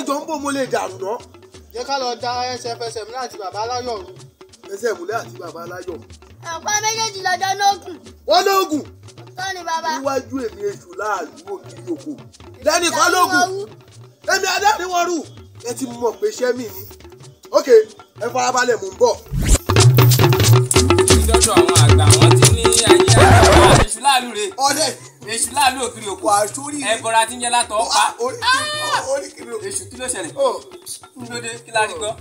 ẹjọ ń bò mo lè dàrú ná. jẹ́ ká lọ da ẹsẹ̀fẹsẹ̀ múlẹ̀ bàbá aláyọ̀ rú. ẹsẹ̀ múlẹ̀ àti bàbá aláyọ̀. àpá méjèèjì lọ́jọ́ lóògùn. wọ́n lóògùn. tọ́ ni bàbá. níwájú èmi èṣù láàlú òkè yòókù. lẹ́nu kan lóògùn. èmi adáni wọn ẹ ti mọ̀ pé iṣẹ́ mi ni. ok ẹ farabalẹ̀ mò ń bọ̀. ìjọ́jọ́ àwọn èṣù láàlú òkiri òkú ẹ̀kọ́ra tí ń jẹ́ látọ̀ ọ̀pá èṣù kí ló ṣẹlẹ̀ oh. kí ló dé kí la rí gbọ́.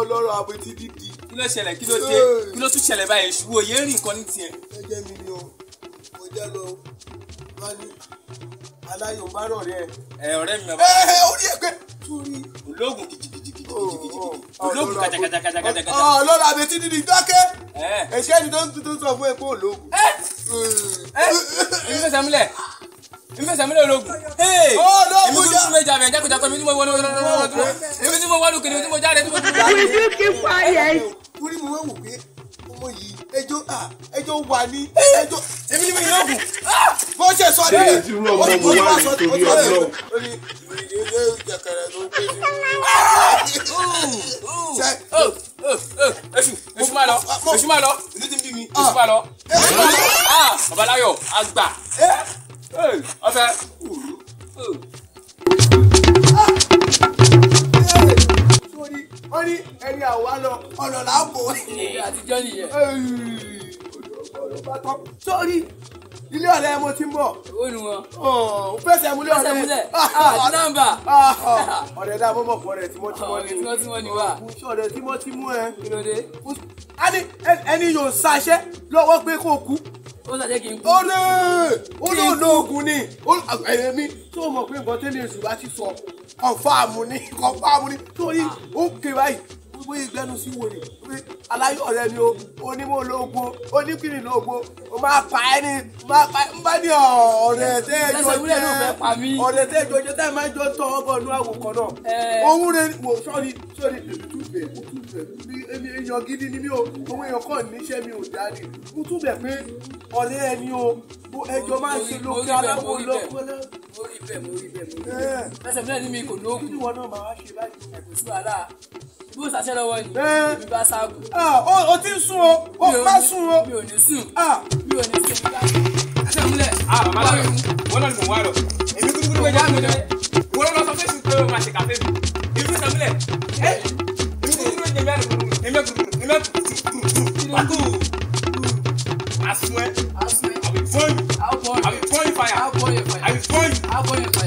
ọlọ́rọ̀ àbẹ̀tí dídì. kí ló ṣẹlẹ̀ kí ló dé kí ló tún ṣẹlẹ̀ báyìí èṣù wo yéé rìn nǹkan ní tiẹ̀. ẹ jẹ́ mi ni o mo jẹ́ lọ wá ní aláyọ̀ bá rọ̀ rẹ̀. ẹ ọ̀rẹ́ mi bàbá. ẹ orí ẹgbẹ́ torí. ológun kìjìkìjìkìjìkìjì ológun kàjàkàjàkàjàkàjà. ọlọ́rọ̀ àbẹ̀tí dídì dákẹ́. èṣẹ́ ni tó ń sọ fún ẹ pé ológun ẹ èmi fẹsẹ̀ múlẹ̀ èmi fẹsẹ̀ múlẹ̀ ológun èmi tún mi jà bẹ̀ jákèjákè èmi tún mo wọnú èmi tún mo wọnú kiri èmi tún mo jáde èmi tún mo jáde. we do keep quiet. wúrí mo wé wò pé ọmọ yìí ẹjọ́ ẹjọ́ wà ní ẹjọ́ èmi ni mo yàn ògùn bó ṣe sọ ní ẹ ó ní bóyá sọ ní bóyá sọ ní ó ní ìdílé jàkàrà ló ń pè mí. èṣù èṣù máa lọ èṣù máa lọ èṣù ti babaláyọ̀ àgbà ọfẹ. wọ́n ní ẹni àwa lọ ọ̀nà làápò. àtijọ́ nìyẹn. sórí ilé ọ̀rẹ́ mo ti ń bọ̀. ó nu wọn. ó fẹsẹ̀ múlẹ̀ ọ̀rẹ́ mi. Ah, ah, àti nọ́mbà. Ah, ọ̀rẹ́ dá bọ́bọ̀ fún ọ̀rẹ́ tímọ́tímọ́ ni. ọ̀rẹ́ tímọ́tímọ́ ni wà. ọ̀rẹ́ tímọ́tímọ́ ẹ. kí ló dé. ẹni yóò ṣàṣẹ lọ́wọ́ pé kó kú ó sàjẹ́ kí n kú. ọ̀rẹ́ ó lọ lo oògùn ni ẹ̀rẹ̀ mi tó mọ̀ pé nǹkan tẹ́lẹ̀ èṣù bá ti sọ kọ̀ǹfàmù ni kọ̀ǹfàmù ni torí ó ké báyìí gbogbo ìgbẹ́nu sí wòlé pé aláyọ̀ rẹ ni o onímọ̀ ológo oníkiri lógo o máa pa ẹ́ ní máa pa ẹ́ ń bá ní ọ̀rẹ́ tẹ́ ẹ jọ jẹ́ ọ̀rẹ́ tẹ́ ẹ jọ jẹ́ tẹ́ ẹ máa jọ tọ́ ọgbọ́n ní àwòkọ́ náà òun rẹ wò sọ́ọ́ni sọ́ọ́ni ètùtù bẹ̀ òtù bẹ̀ èèyàn gidi ni mí o òun èèyàn kọ́ níṣẹ́ mi ò dáni mo bẹ̀ pé ọ̀rẹ́ ẹ ni o ẹjọ́ máa ṣe lókè aláwo lọ́kọ́lá mo rí bẹ́ẹ̀ mo rí bẹ́ẹ̀ mo rí bẹ́ẹ̀ lẹ́sẹ̀ bẹ́ẹ̀ ni mi kò lóògùn. kí ni wọn náà máa wá ṣe báyìí kò sí wàhálà bó ṣàṣẹ lọ́wọ́ ni mi bá ṣáàgùn. o ti ń o o bá sùn o. mi ò ní sùn mi ò ní sùn mi bá sùn. àṣẹ múlẹ̀ àwọn ọmọ mi wọn náà ni mò ń wá lọ èmi kúrúkúrú méjì àmì jẹ wọn lọ sọ fún mi pé o máa ṣe kàfé mi ìlú sàmúlẹ̀ ẹ èmi kúrúkúrú méjì àmì jẹ èmi kúrúkúrú èmi kúrúkúrú wákù asun ẹ i will burn you i